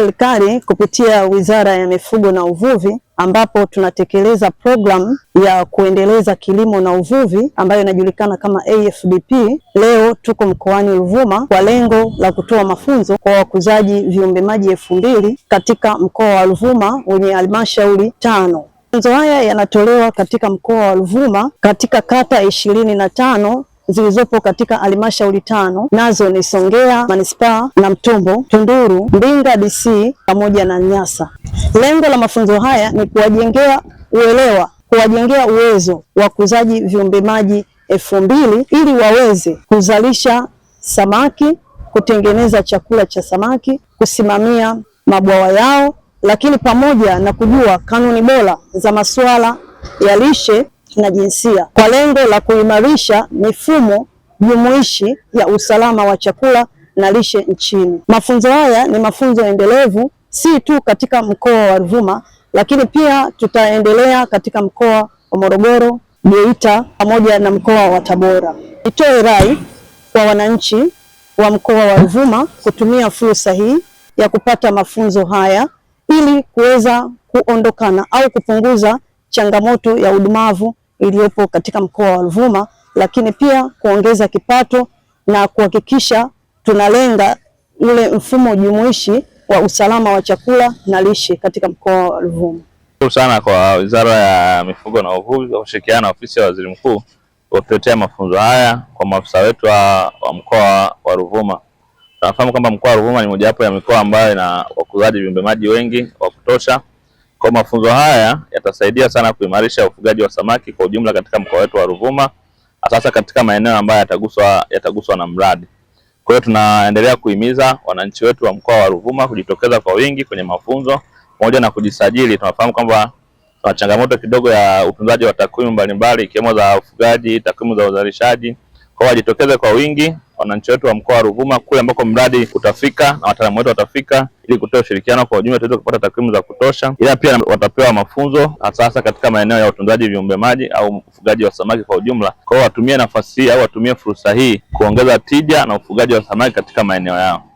serikali kupitia Wizara ya Mifugo na Uvuvi ambapo tunatekeleza programu ya kuendeleza kilimo na uvuvi ambayo inajulikana kama afdp Leo tuko mkoani Ruvuma kwa lengo la kutoa mafunzo kwa wakuzaji viumbe maji elfu mbili katika mkoa wa Ruvuma wenye halmashauri tano. Mafunzo haya yanatolewa katika mkoa wa Ruvuma katika kata ishirini na tano zilizopo katika halmashauri tano nazo ni Songea manispaa na mtumbo Tunduru, Mbinga DC pamoja na Nyasa. Lengo la mafunzo haya ni kuwajengea uelewa, kuwajengea uwezo wakuzaji viumbe maji elfu mbili ili waweze kuzalisha samaki, kutengeneza chakula cha samaki, kusimamia mabwawa yao, lakini pamoja na kujua kanuni bora za masuala ya lishe na jinsia kwa lengo la kuimarisha mifumo jumuishi ya usalama wa chakula na lishe nchini. Mafunzo haya ni mafunzo endelevu si tu katika mkoa wa Ruvuma, lakini pia tutaendelea katika mkoa wa Morogoro, Geita pamoja na mkoa wa Tabora. Nitoe rai kwa wananchi wa mkoa wa Ruvuma kutumia fursa hii ya kupata mafunzo haya ili kuweza kuondokana au kupunguza changamoto ya udumavu iliyopo katika mkoa wa Ruvuma, lakini pia kuongeza kipato na kuhakikisha tunalenga ule mfumo jumuishi wa usalama wa chakula na lishe katika mkoa wa Ruvuma. Shukuru sana kwa Wizara ya Mifugo na Uvuvi kwa kushirikiana na Ofisi ya Waziri Mkuu kutuletea mafunzo haya kwa maafisa wetu wa, wa mkoa wa Ruvuma. Tunafahamu kwamba mkoa wa Ruvuma ni mojawapo ya mikoa ambayo ina wakuzaji viumbe maji wengi wa kutosha kwa mafunzo haya yatasaidia sana kuimarisha ufugaji wa samaki kwa ujumla katika mkoa wetu wa Ruvuma, hasa katika maeneo ambayo yataguswa yataguswa na mradi. Kwa hiyo tunaendelea kuhimiza wananchi wetu wa mkoa wa Ruvuma kujitokeza kwa wingi kwenye mafunzo pamoja na kujisajili. Tunafahamu kwamba tuna changamoto kidogo ya utunzaji wa takwimu mbalimbali ikiwemo za ufugaji, takwimu za uzalishaji. Kwa hiyo wajitokeze kwa wingi wananchi wetu wa mkoa wa Ruvuma kule ambako mradi utafika na wataalamu wetu watafika ili kutoa ushirikiano kwa ujumla, tuweze kupata takwimu za kutosha, ila pia watapewa mafunzo hasa katika maeneo ya utunzaji viumbe maji au ufugaji wa samaki kwa ujumla. Kwa hiyo watumie nafasi hii au watumie fursa hii kuongeza tija na ufugaji wa samaki katika maeneo yao.